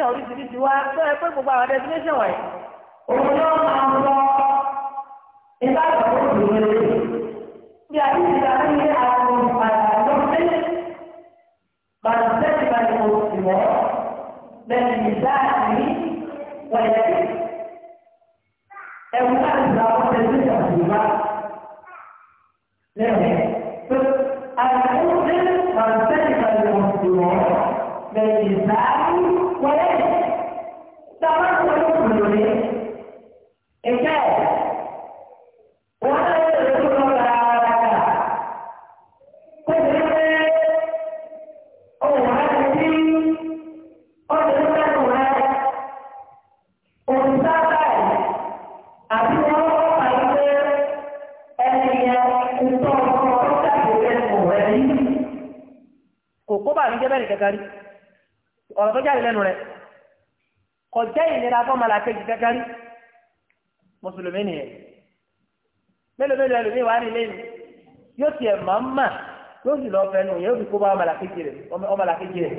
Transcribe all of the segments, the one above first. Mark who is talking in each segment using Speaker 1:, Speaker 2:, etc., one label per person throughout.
Speaker 1: destination oríṣiríṣi wá tó ẹ pé gbogbo àwọn destination wọ̀nyí. òun yóò máa ń lọ ìgbà ìgbàlódé ìwé bí a ti ṣe àwọn ilé àwọn àgbàdo tẹ́lẹ̀ bàtẹ́lẹ̀ bá ní mo sì lẹ́yìn ìdá àmì wọ̀nyẹ́ ọ̀rọ̀ tó jáde lẹ́nu rẹ̀ kọjá ìlera fọ́mọlá kejì kẹ́kẹ́rí mùsùlùmí nìyẹn mélòó mélòó ẹlòmíì wà nílé mi yóò tiẹ̀ máa ń mà yóò sì lọ fẹnu yóò fi kó bá ọmọlá kejì rẹ̀ ọmọlá kejì rẹ̀.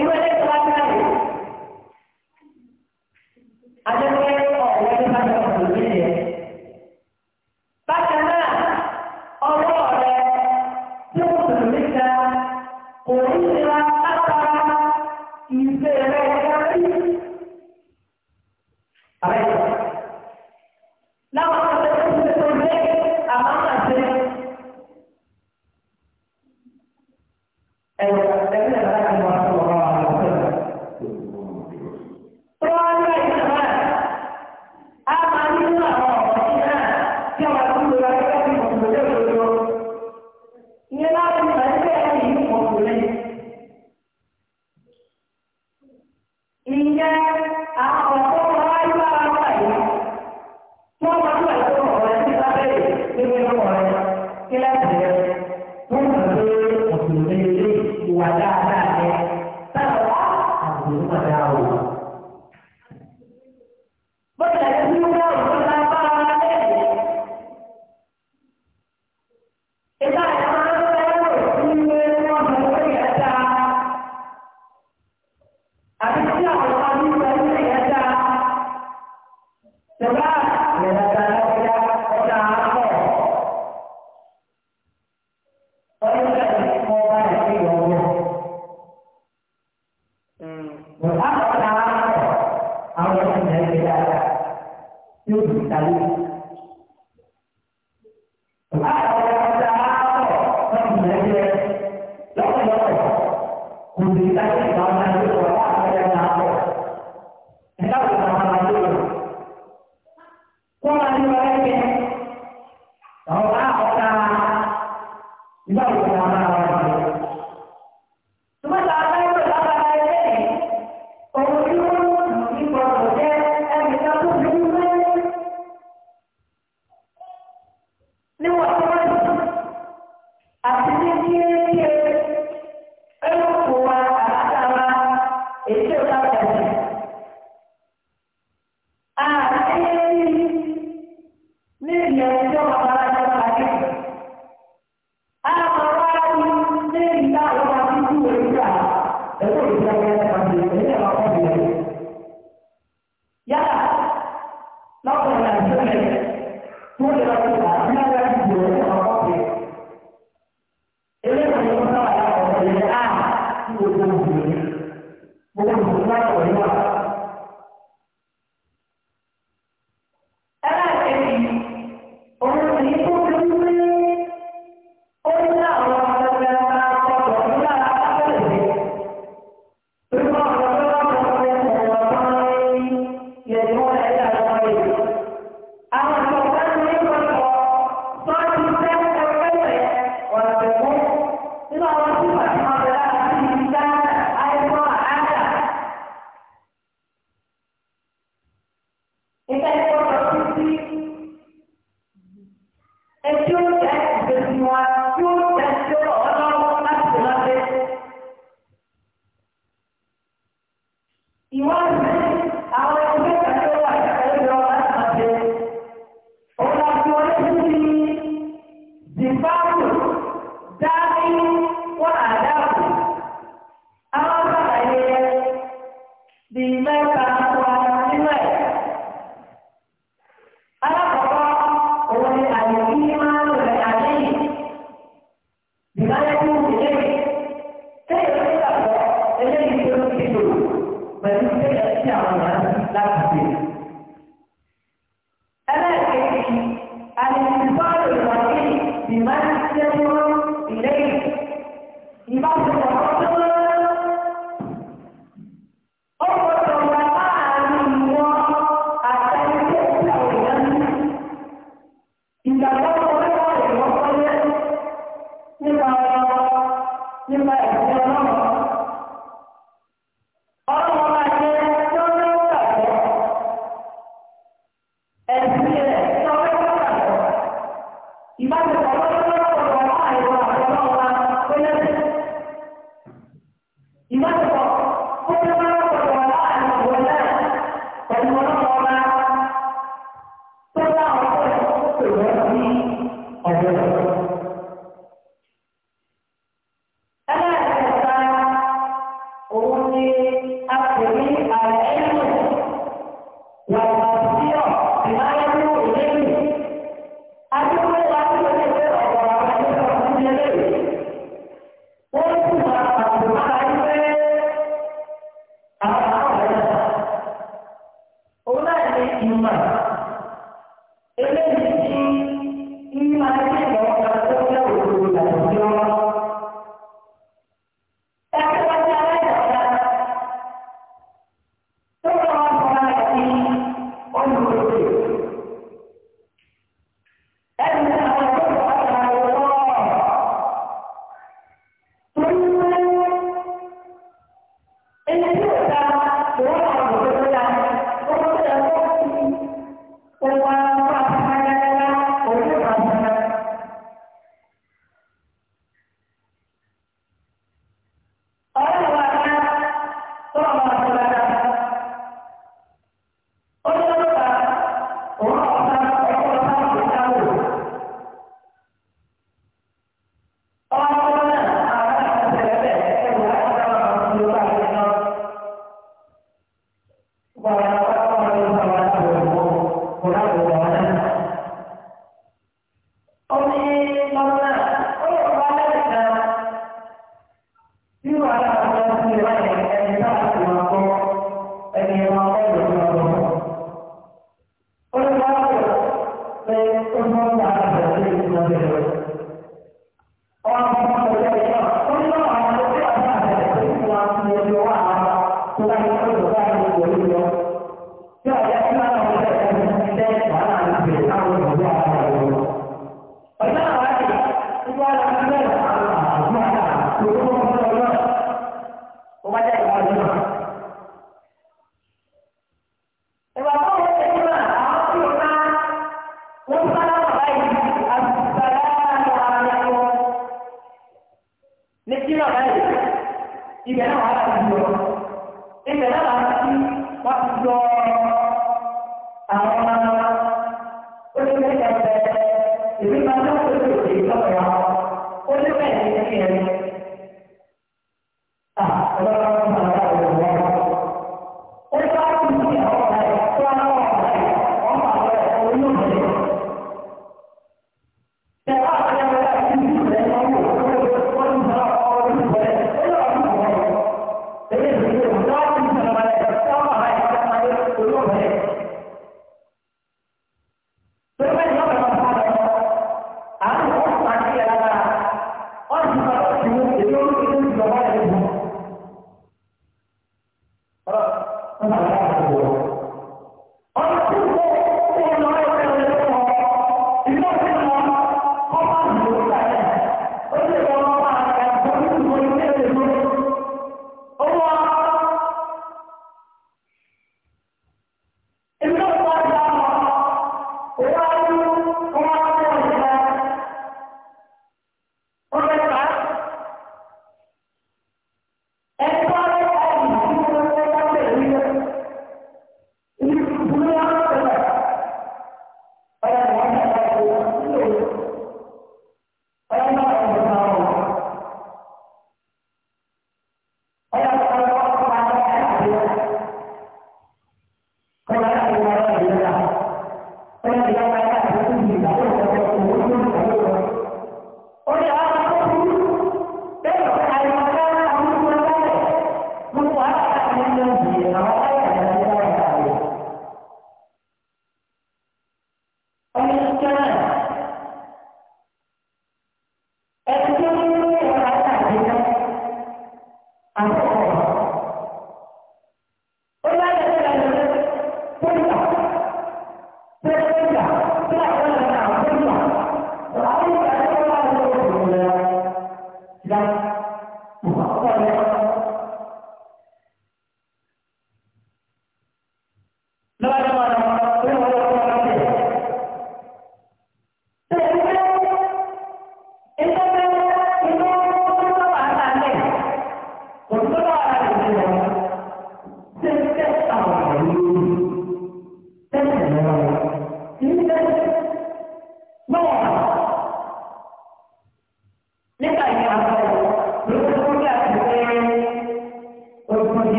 Speaker 1: ìwé ẹgbẹ́ wa ti rẹ̀ àjẹmọ́ The dying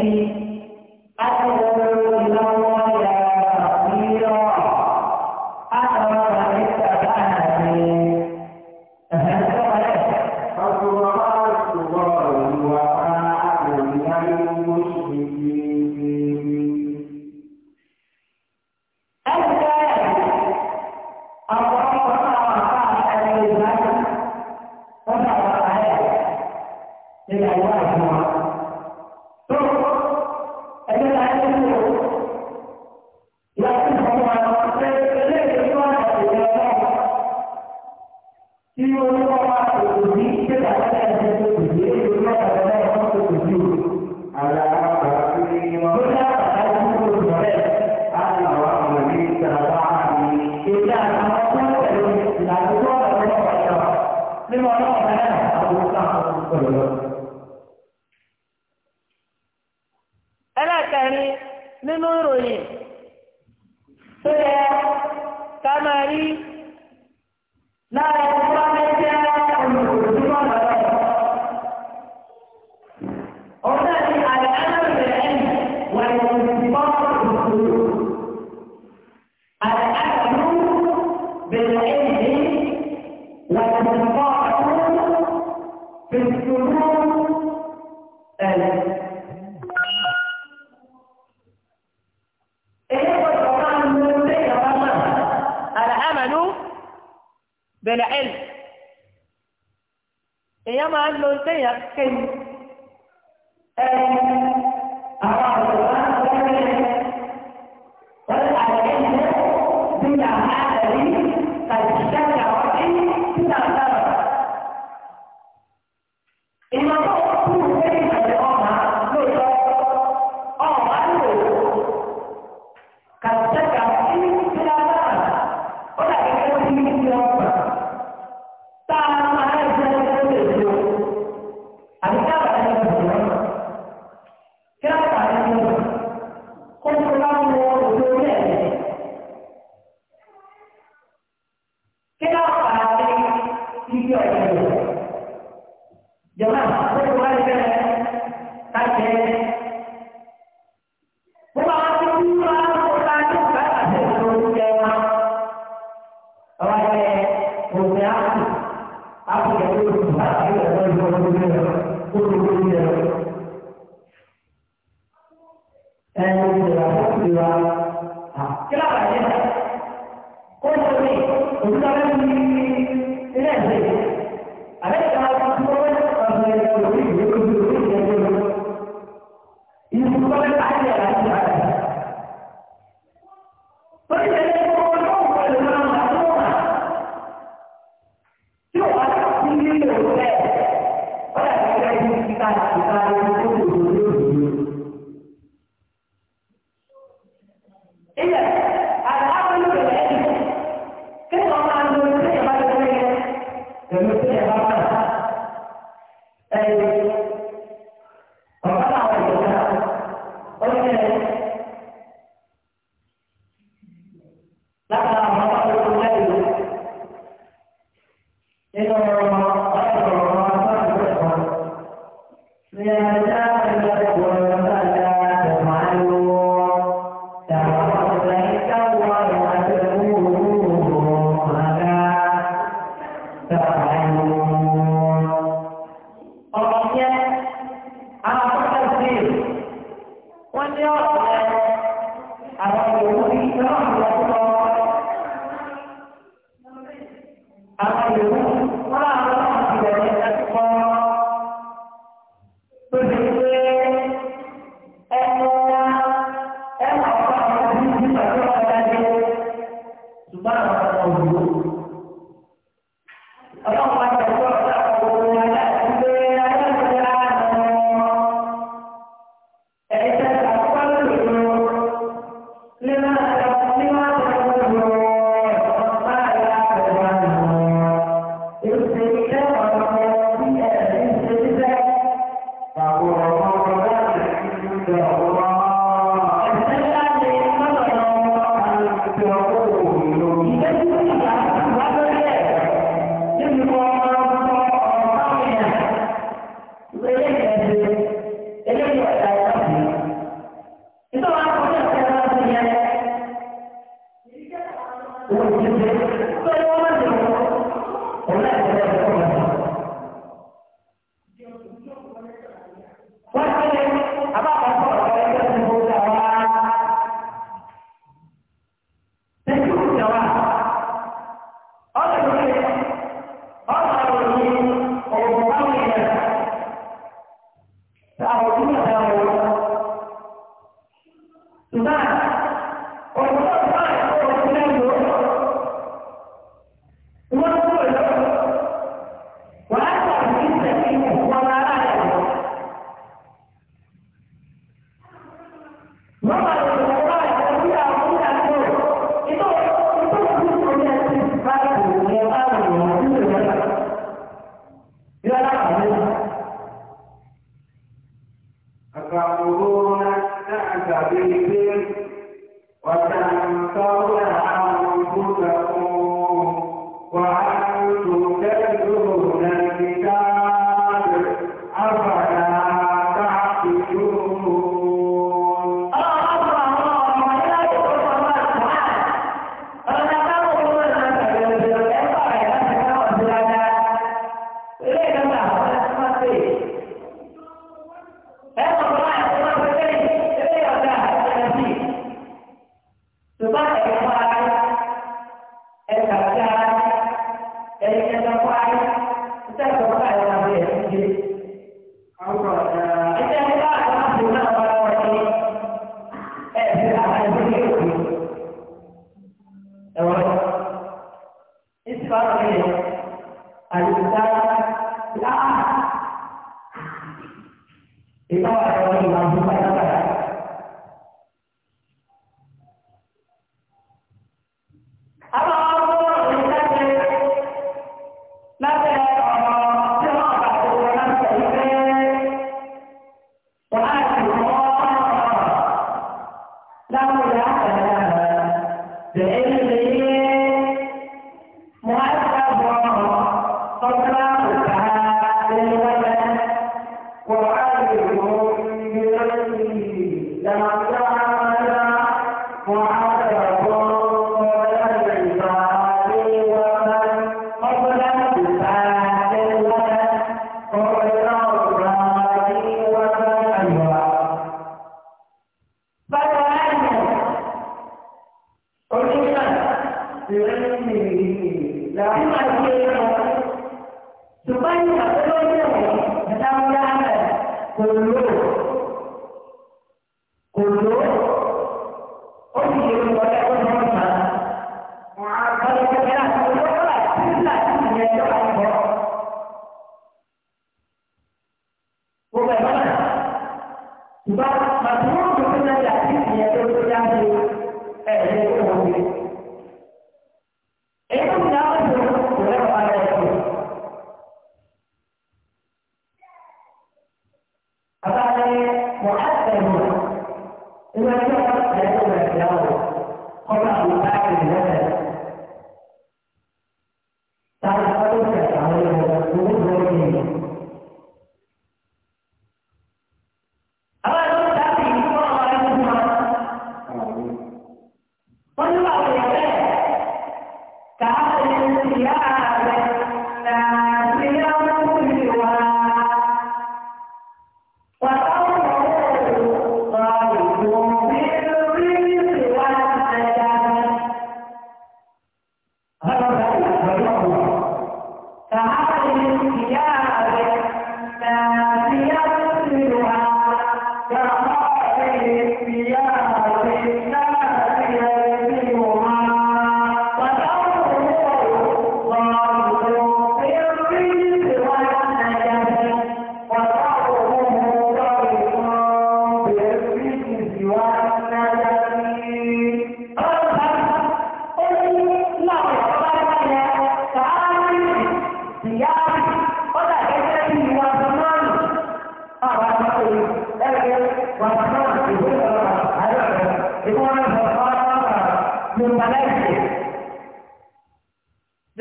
Speaker 1: الذي 同志们，同志们，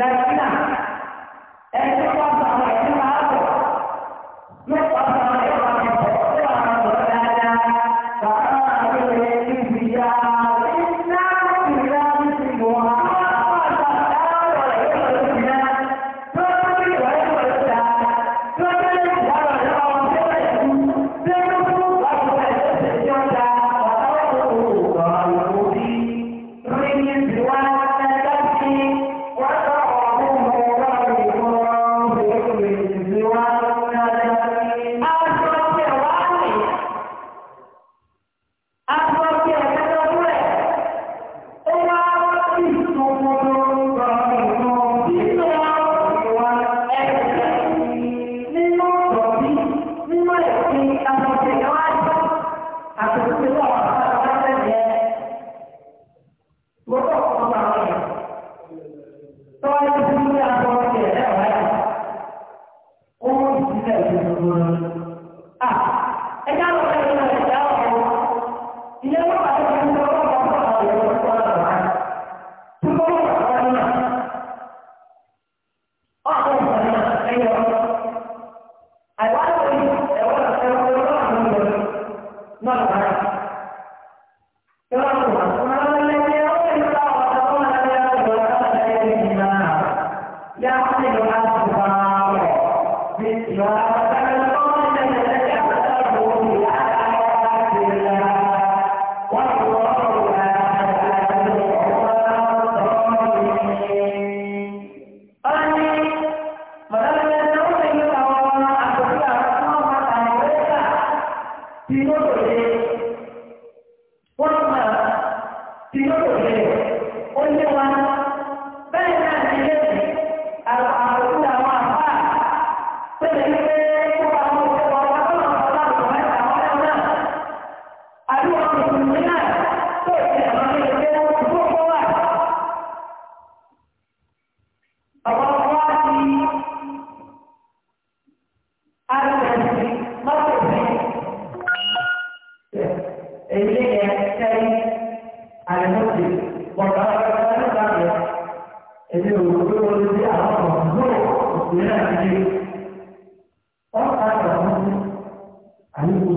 Speaker 1: Palestina ẹni òwúrò wọlé sí àwọn ọ̀gbọ́n ìpínlẹ̀ àti ọ̀pá àtàwọn àyíkò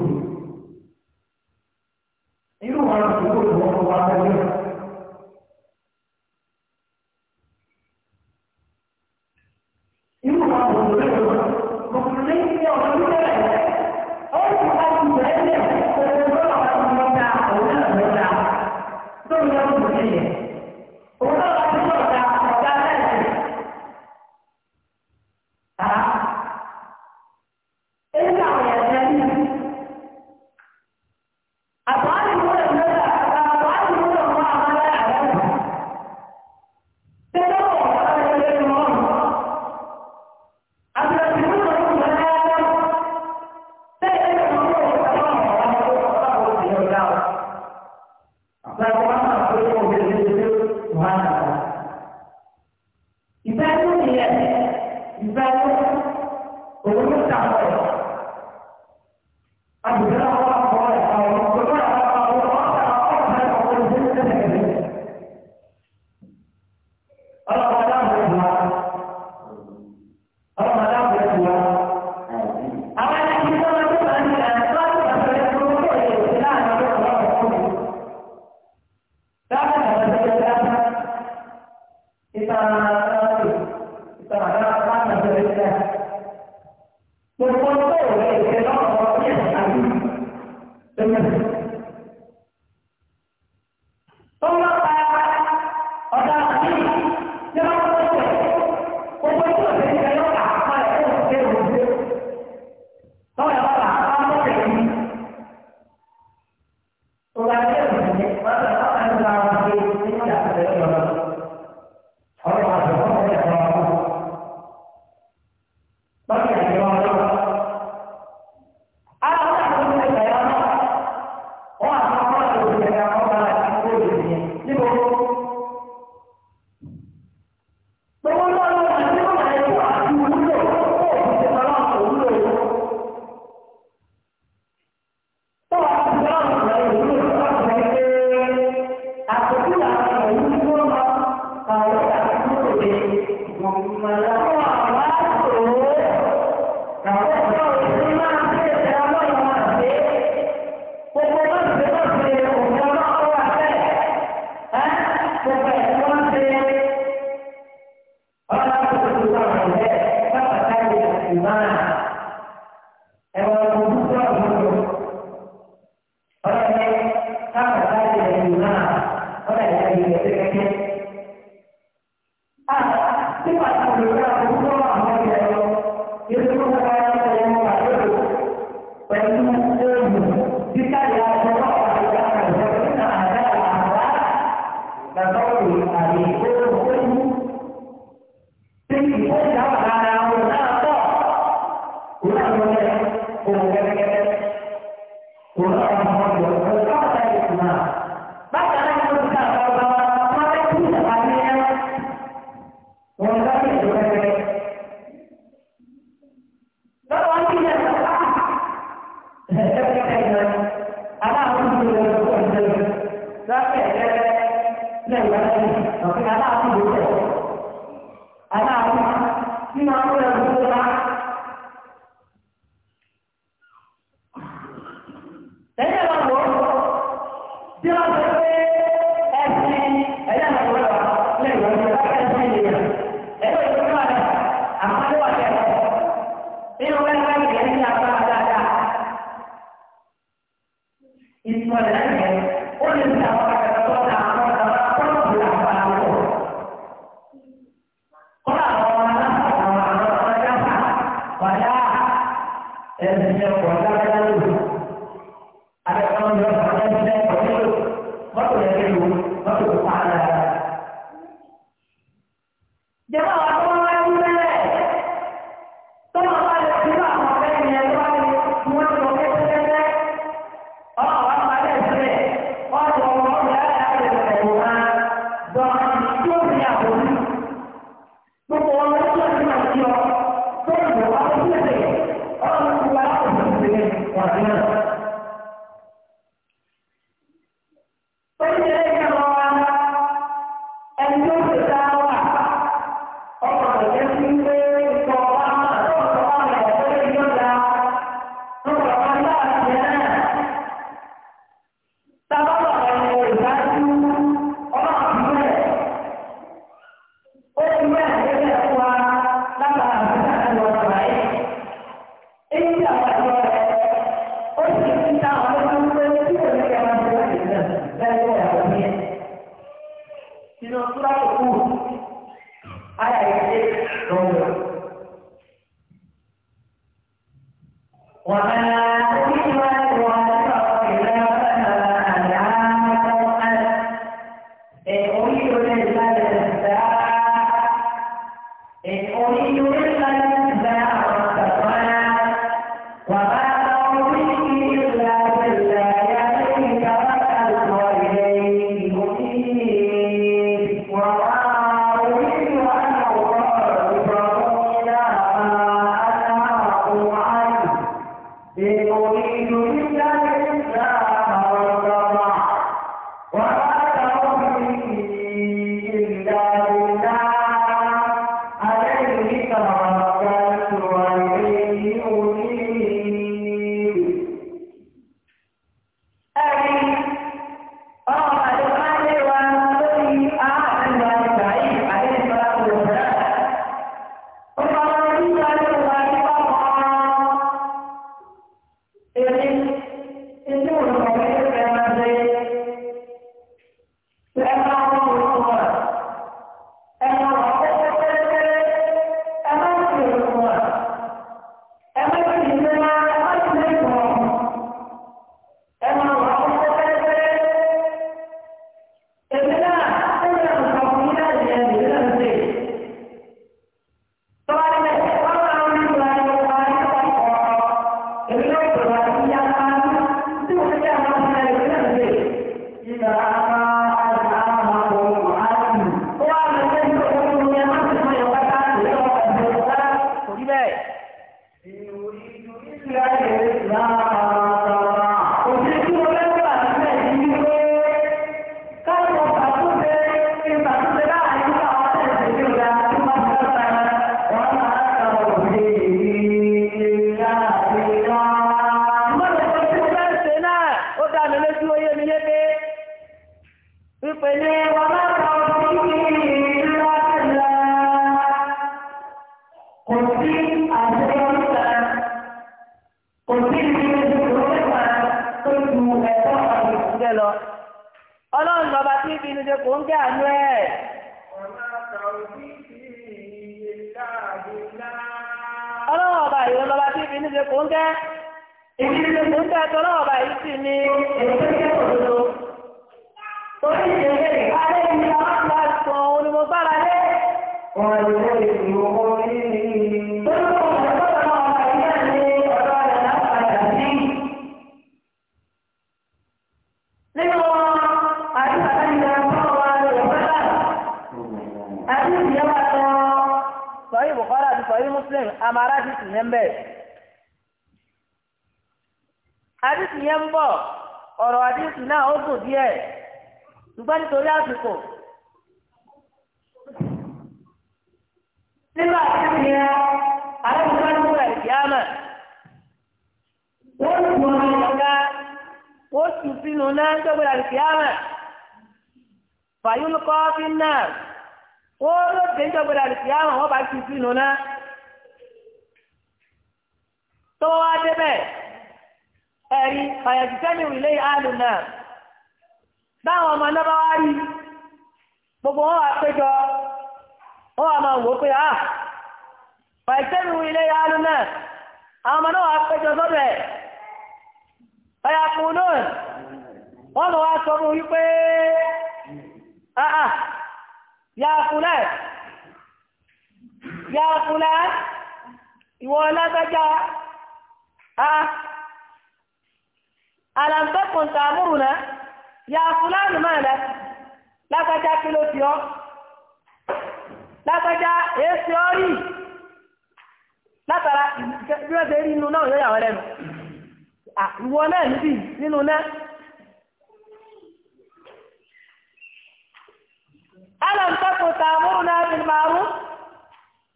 Speaker 1: ألم تكن تأمرنا بالمعروف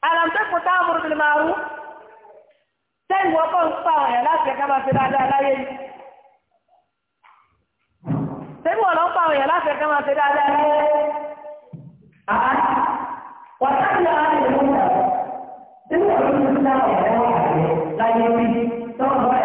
Speaker 1: ألم تكن تأمر بالمعروف sẹ́yìn wọ́n kọ́ ń pa ya, èèyàn láti ẹ̀ka máa ṣe dáadáa láyé yìí sẹ́yìn wọ́n lọ ń pa àwọn èèyàn láti ẹ̀ka máa ṣe dáadáa láyé yìí. wọ́n sábà ń lè mú ọ̀rọ̀ sẹ́yìn wọ́n lọ ń pa àwọn èèyàn láyé yìí tọ́wọ́ bá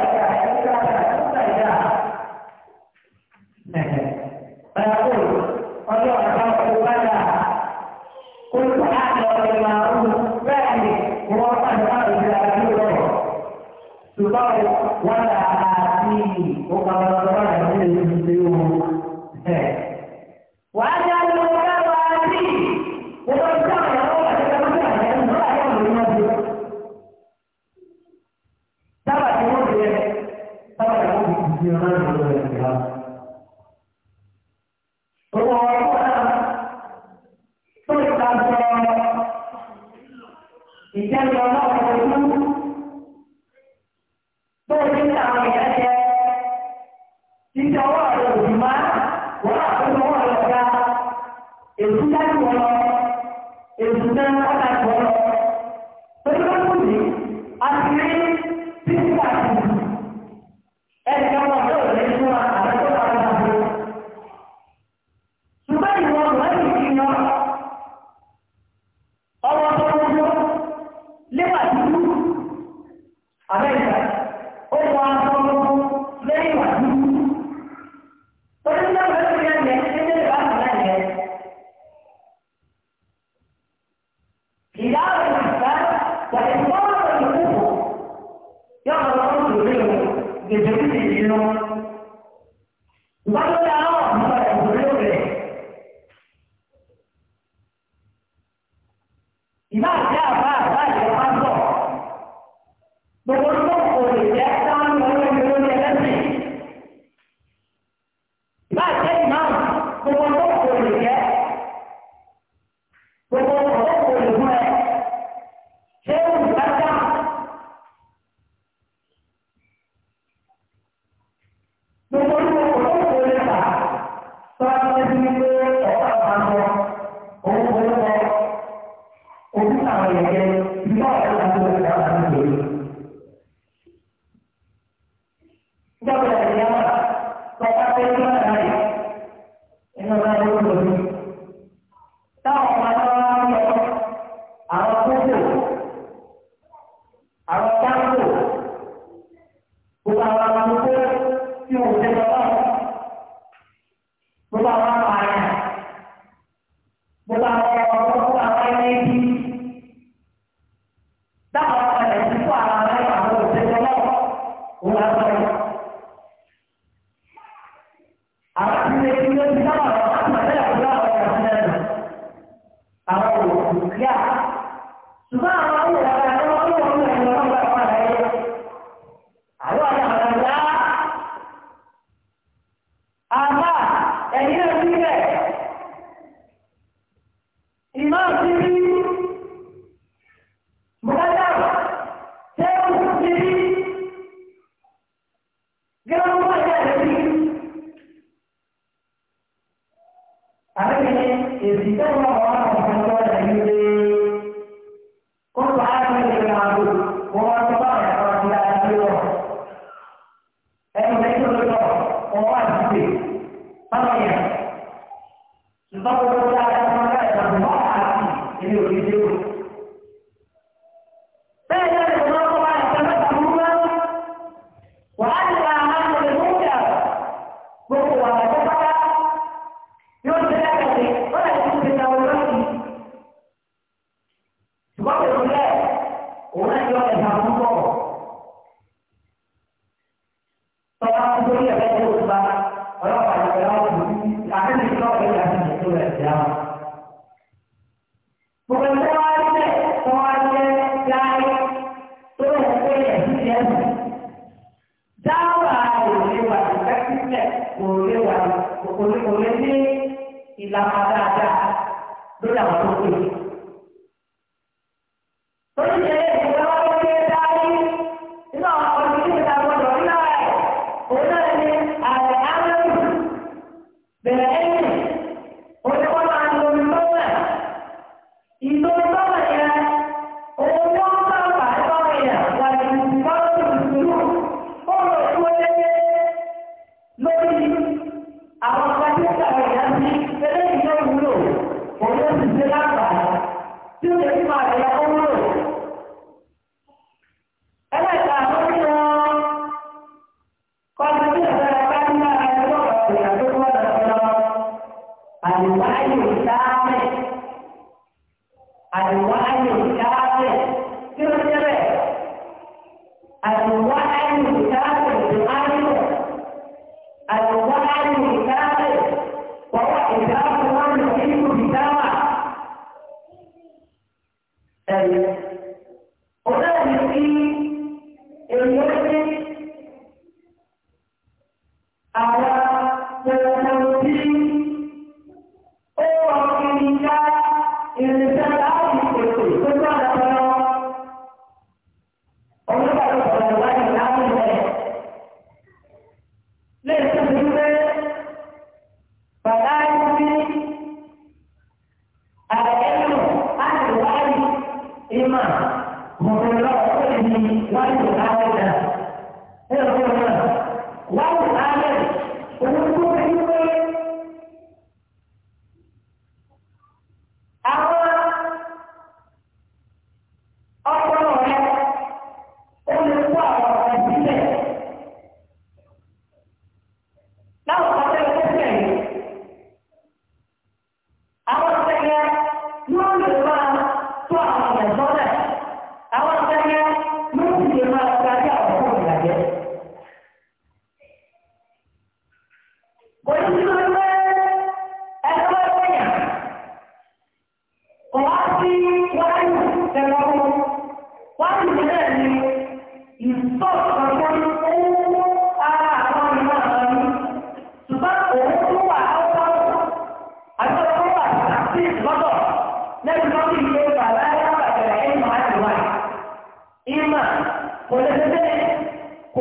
Speaker 1: ó padà lọ́wọ́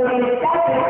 Speaker 1: por el estado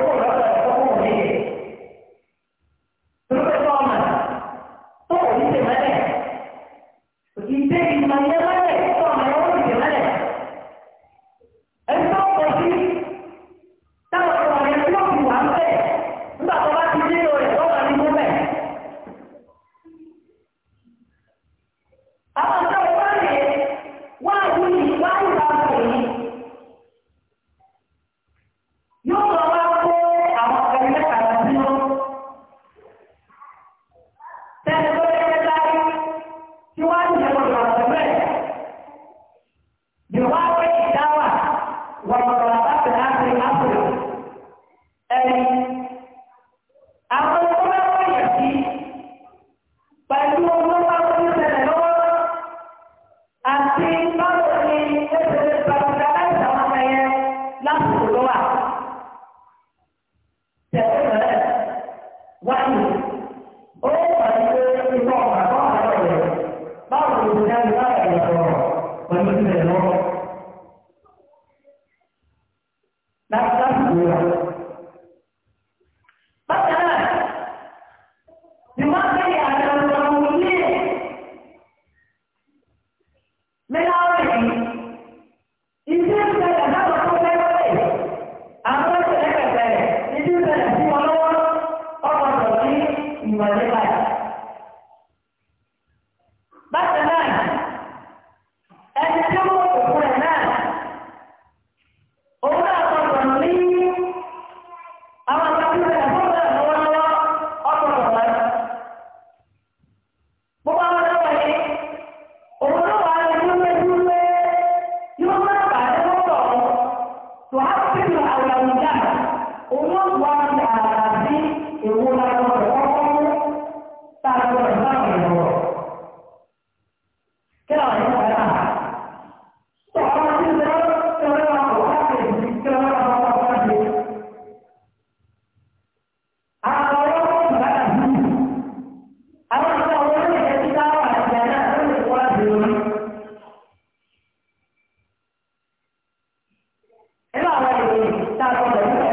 Speaker 2: ẹ̀rọ àwọn ènìyàn tá a sọ̀rọ̀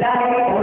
Speaker 2: dáhùn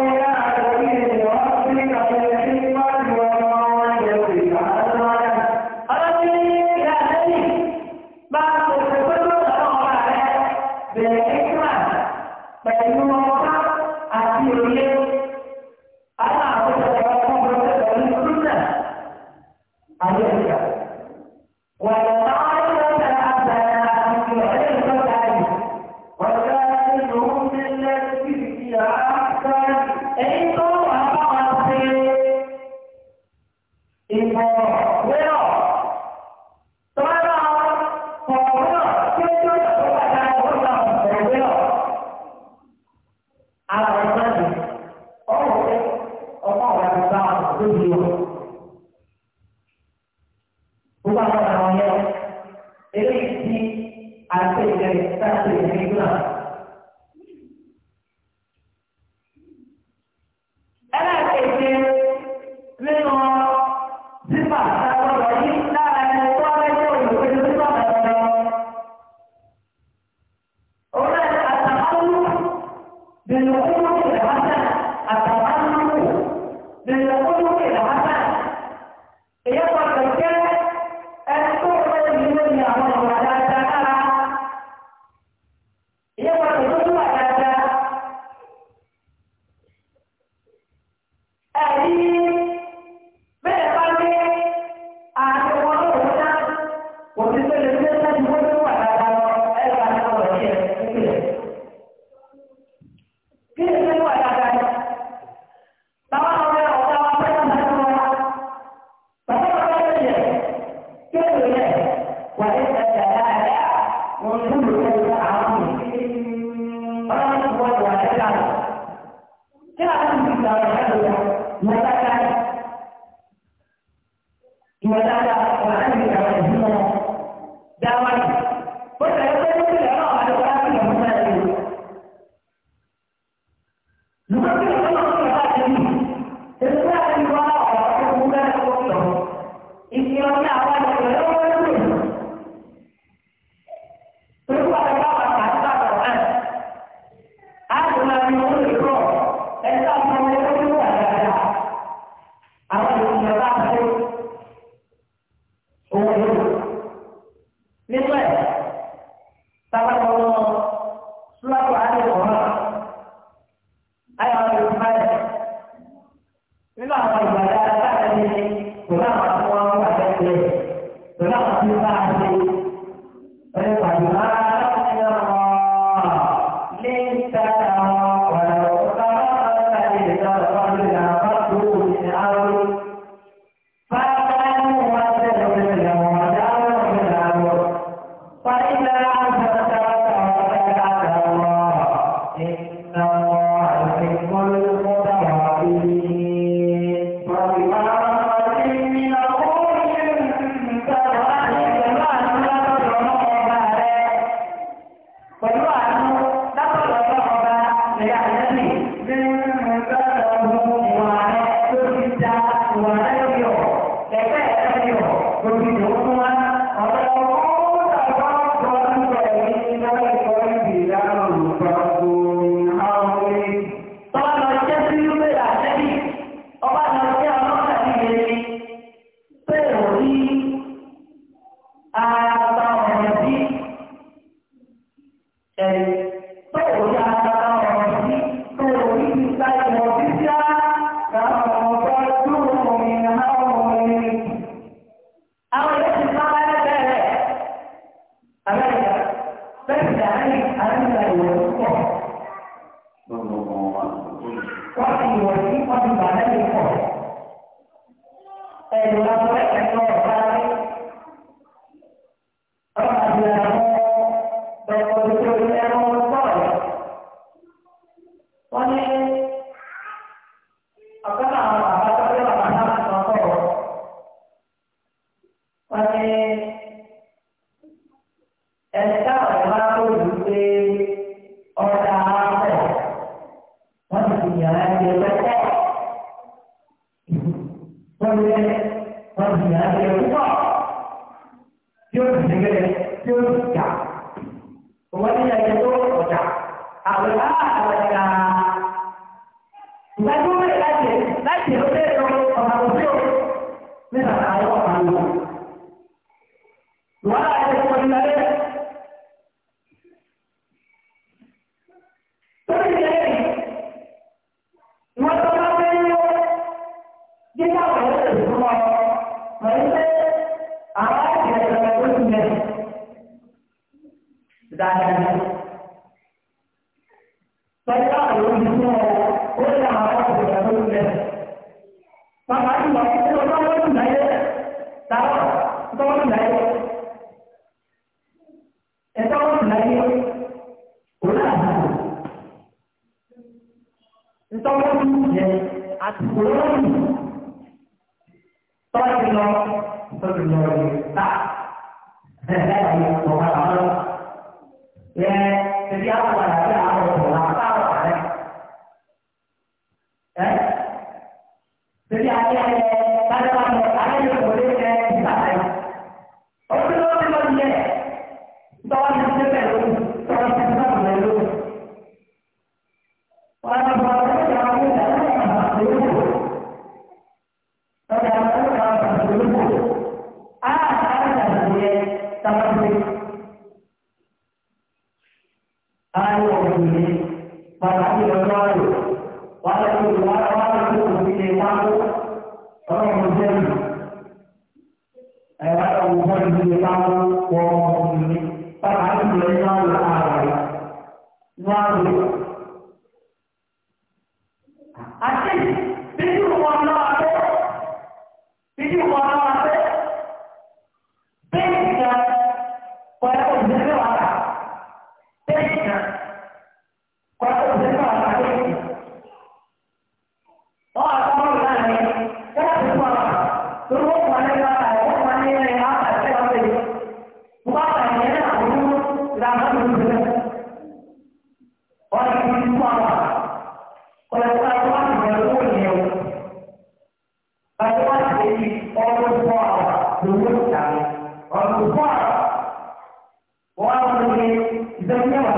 Speaker 1: إلى سبيل ربك بالحكمة ¿Cómo àwọn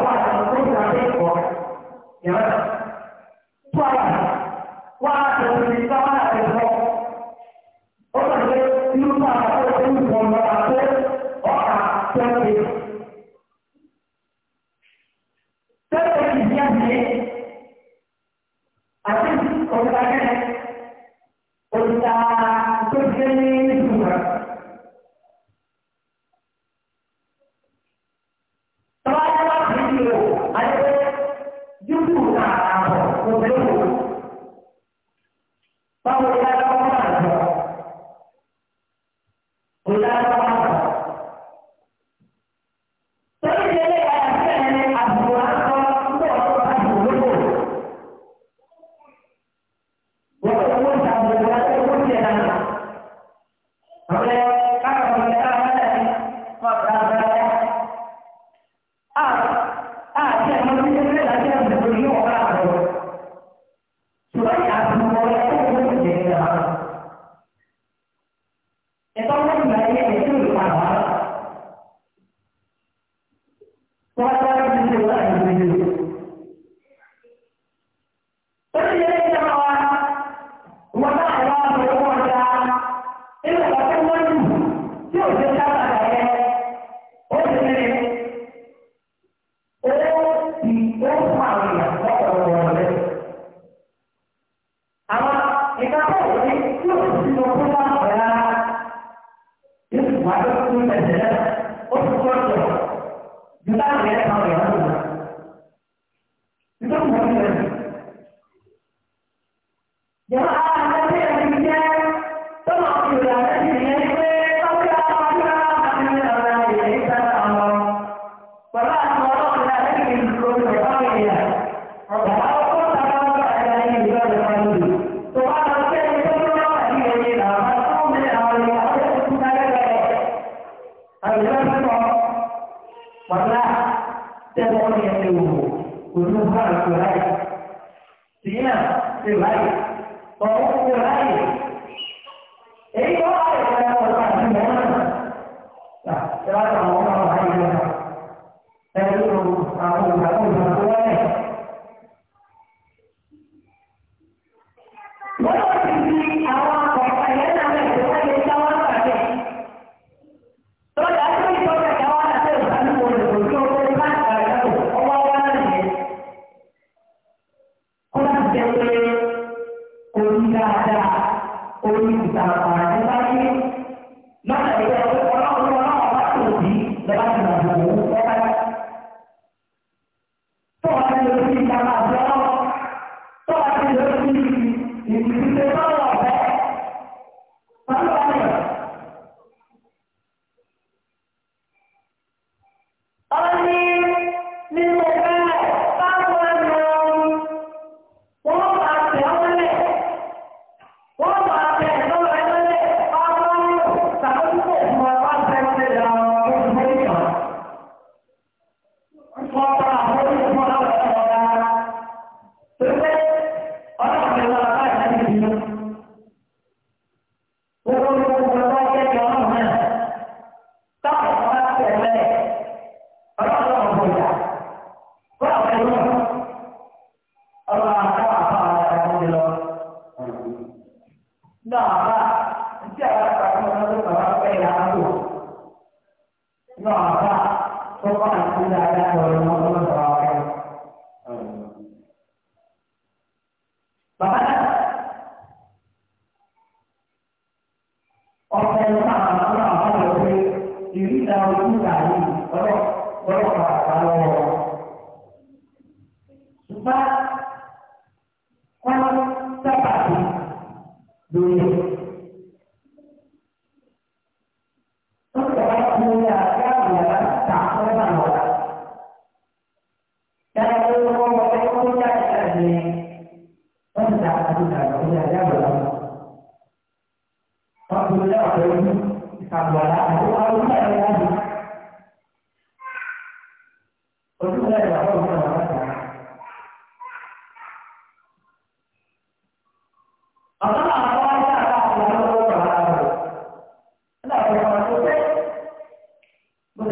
Speaker 1: Thank you.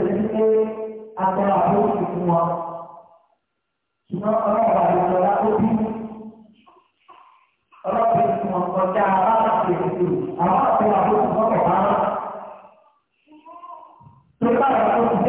Speaker 1: ṣe pé agbára ló ti fún wọn. ṣùgbọ́n ọlọ́pàá ló sọ wá bí ọlọ́pàá ti fún wọn kọjá aláàbò ètò àwọn àti àwọn olùkọ́ kọ̀ọ̀kan. tó bá yàrá tó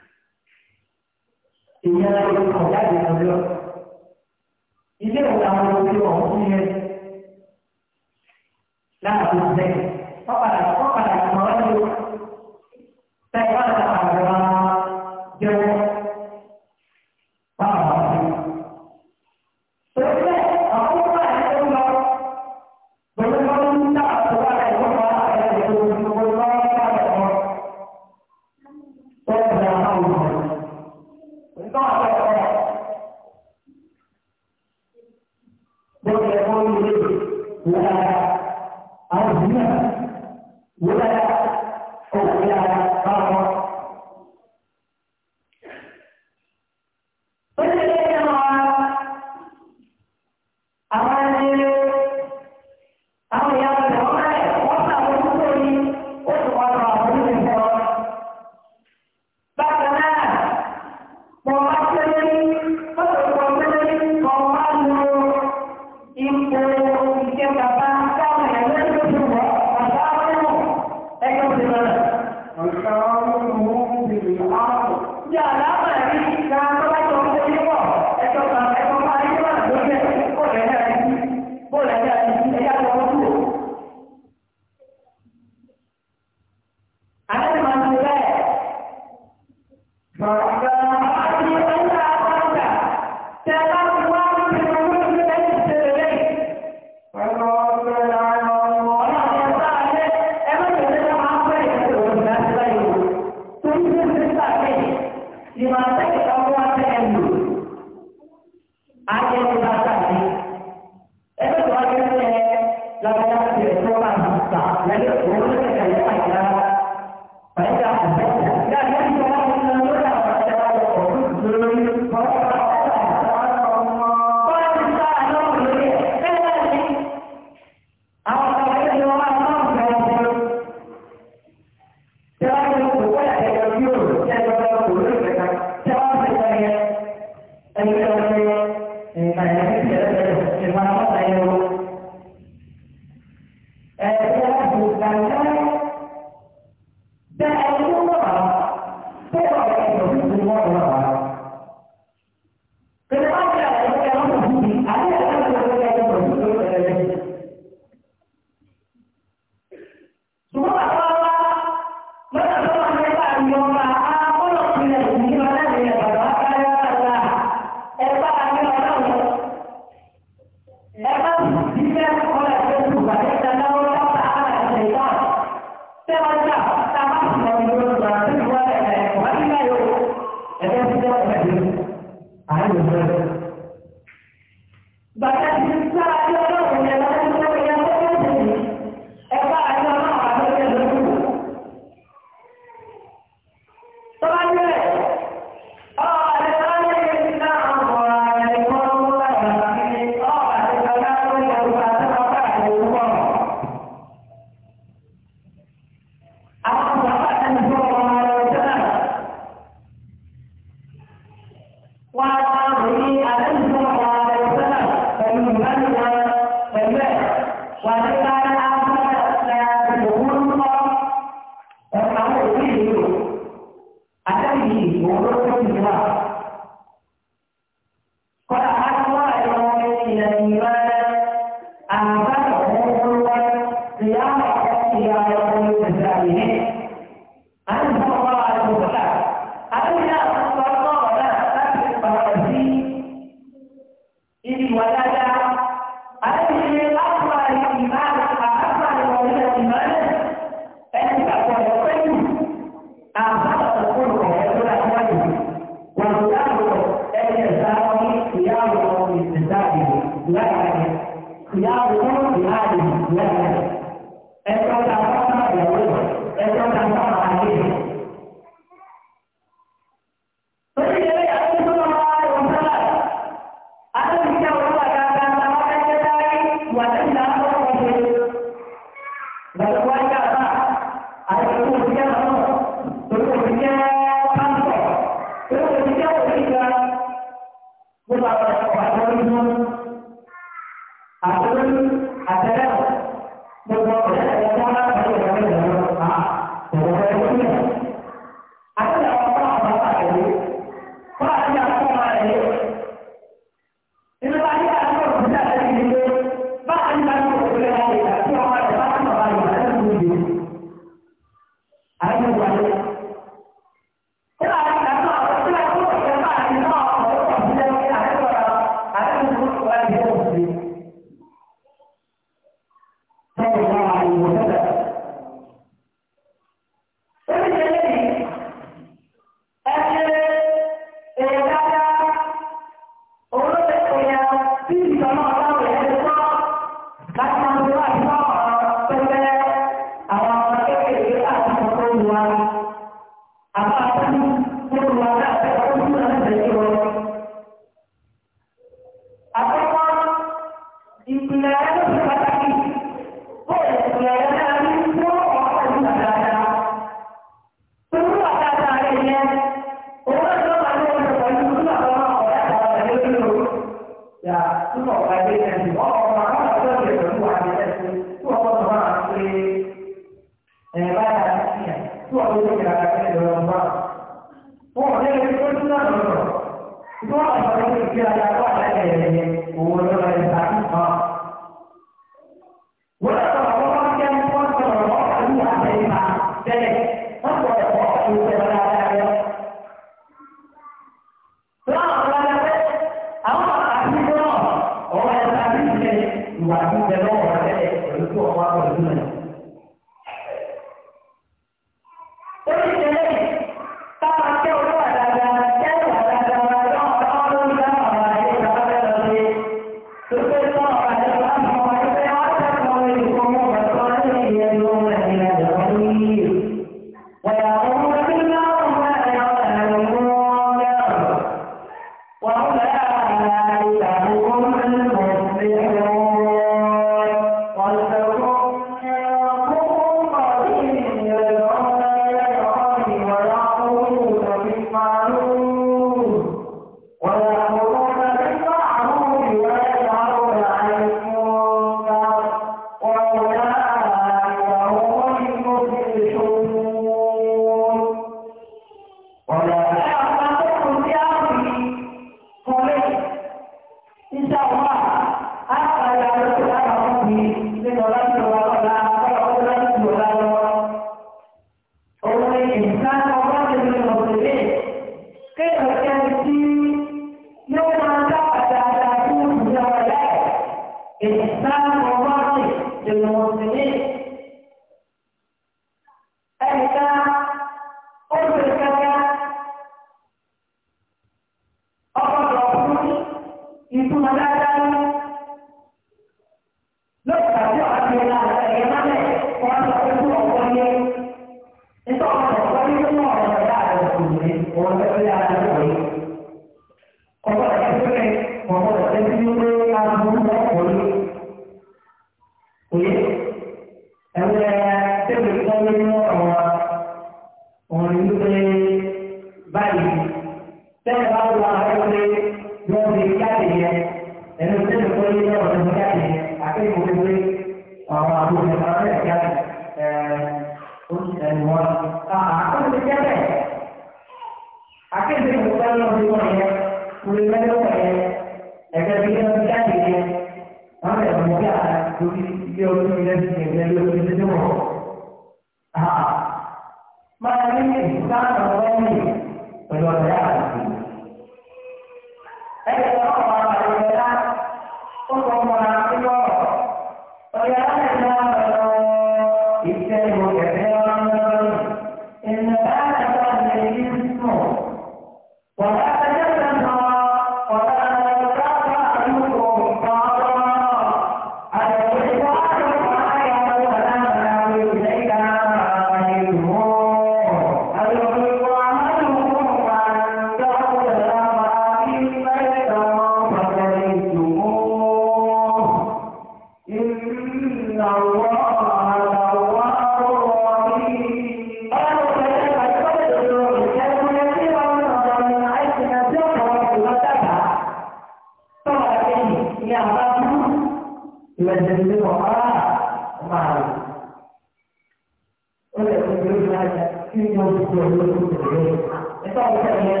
Speaker 1: 做很多事情，也到外面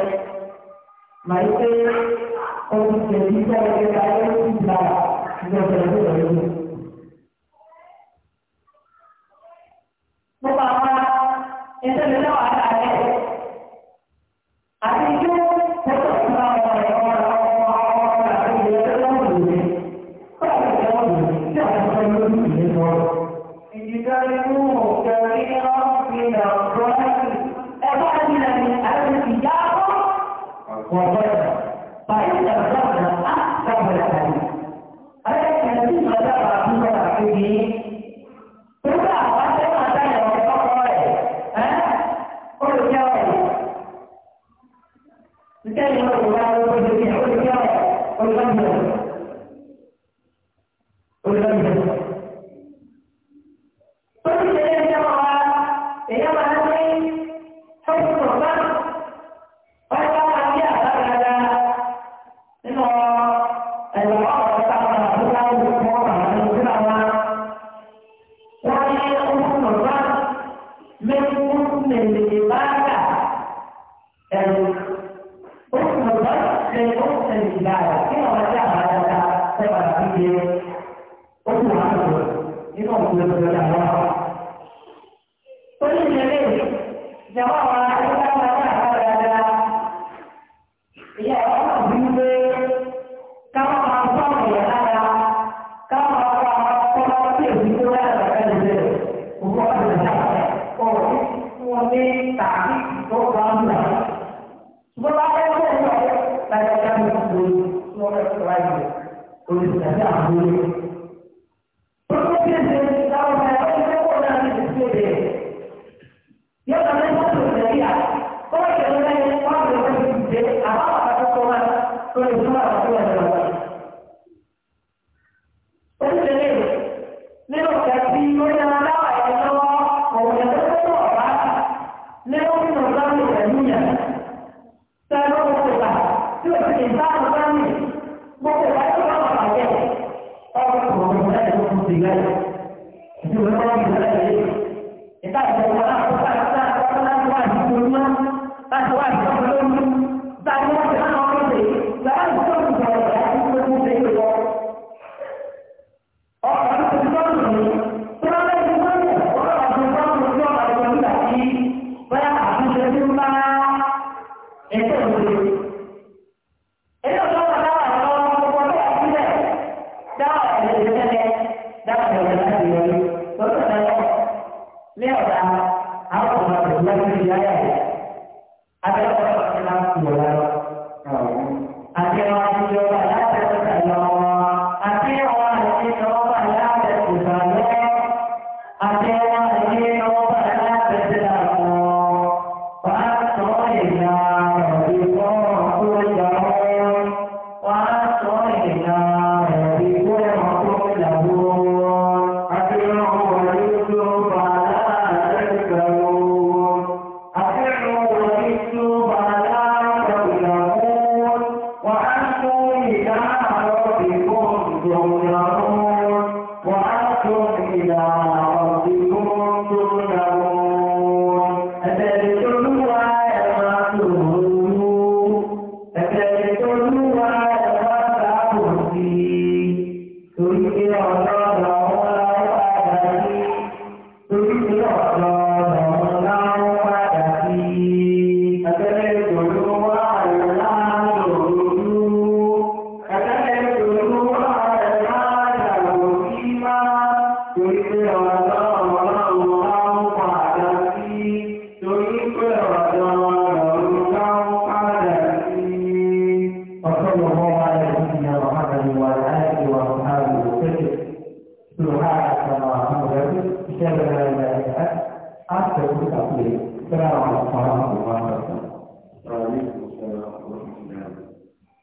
Speaker 1: 买一些东西，自己在家里自己烧，自己做。